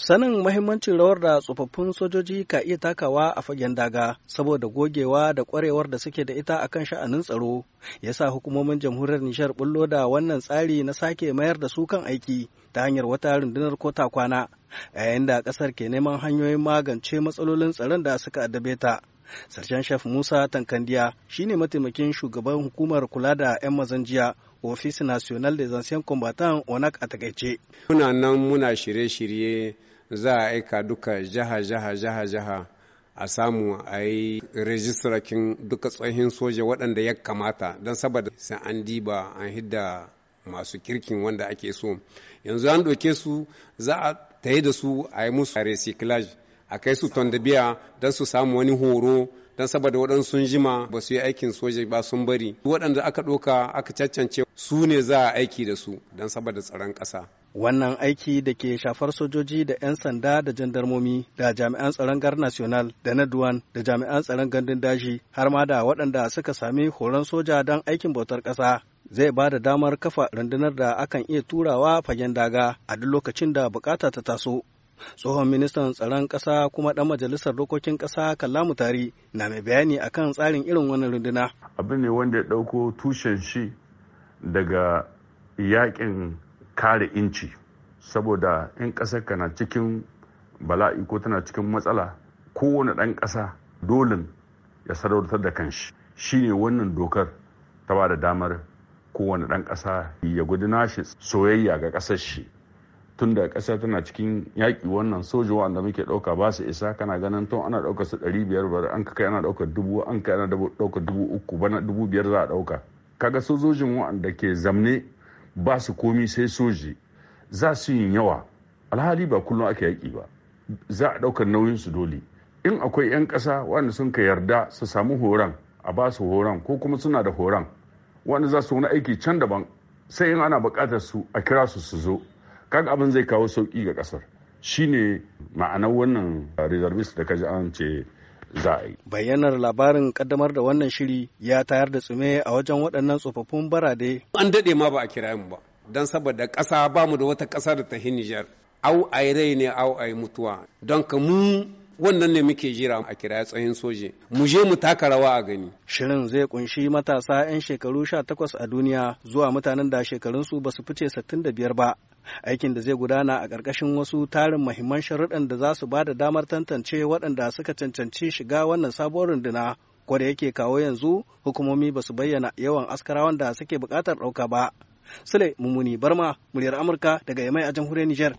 Sanin mahimmancin rawar da tsofaffin sojoji ka iya takawa a fagen daga saboda gogewa da kwarewar da suke da ita akan sha'anin tsaro ya sa hukumomin jamhuriyar Nishar bullo da wannan tsari na sake mayar da su kan aiki ta hanyar wata rundunar kota kwana yayin da kasar ke neman hanyoyin magance matsalolin tsaron da suka addabe ta. Sarjan shef Musa Tankandiya shine mataimakin shugaban hukumar kula da 'yan mazan jiya Office National des Anciens Combattants ONAC a takaice. Muna nan muna shirye-shirye za a aika duka jaha jaha jaha jaha a samu a yi rajistarakin duka tsohin soja waɗanda ya kamata don saboda sai an diba an hidda masu kirkin wanda ake so yanzu an ɗauke su za a tayi da su a yi musu recyclage a kai su tondabiya don su samu wani horo don saboda waɗansu sun jima ba su yi aikin soja ba sun bari waɗanda aka ɗoka aka cancance su ne za a aiki da su don saboda tsaron ƙasa wannan aiki da ke shafar sojoji da 'yan sanda da jandarmomi da jami'an tsaron gar national da na duwan da jami'an tsaron gandun daji har ma da waɗanda suka sami horon soja don aikin bautar ƙasa zai ba da damar kafa rundunar da akan iya turawa fagen daga a duk lokacin da bukata ta taso tsohon ministan tsaron ƙasa kuma ɗan majalisar dokokin ƙasa kallamu tari na mai bayani akan tsarin irin wannan runduna abu ne wanda ya ɗauko tushen shi daga yaƙin kare inci saboda in ƙasar ka na cikin bala'i ko tana cikin matsala kowane ɗan ƙasa dole ya sadautar da kanshi shine wannan dokar ta ba da damar kowane ɗan ƙasa ya gudu nashi soyayya ga ƙasar shi tun da kasa tana cikin yaƙi wannan soja wanda muke ɗauka ba su isa kana ganin tun ana ɗauka su ɗari biyar ba an ka kai ana ɗauka dubu an kai ana ɗauka dubu uku bana dubu biyar za a ɗauka kaga sojojin wanda ke zamne ba su komi sai soji za su yin yawa alhali ba kullum ake yaƙi ba za a ɗaukar nauyinsu su dole in akwai 'yan ƙasa wanda sun ka yarda su samu horon a ba su horon ko kuma suna da horon wanda za su wani aiki can daban sai in ana buƙatar su a kira su su zo kaga abin zai kawo sauki ga kasar shine ma'anar wannan uh, reservist da kaji an ce za a yi bayyanar labarin kaddamar da wannan shiri ya tayar da tsume a wajen waɗannan tsofaffin barade an daɗe ma ba a kira mu ba don saboda ƙasa ba mu da wata ƙasa da ta hi Nijar au ai rai ne au ai mutuwa don ka mu wannan ne muke jira a kira tsayin soje mu je mu taka rawa a gani shirin zai kunshi matasa 'yan shekaru 18 a duniya zuwa mutanen da shekarunsu ba su fice 65 ba aikin da zai gudana a ƙarƙashin wasu tarin mahimman sharuɗan da za su ba da damar tantance waɗanda suka cancanci shiga wannan sabuwar runduna ko da yake kawo yanzu hukumomi ba su bayyana yawan askarawan da suke buƙatar ɗauka ba. Sule Mumuni Barma, muryar Amurka daga Yamai a jamhuriyar Nijar.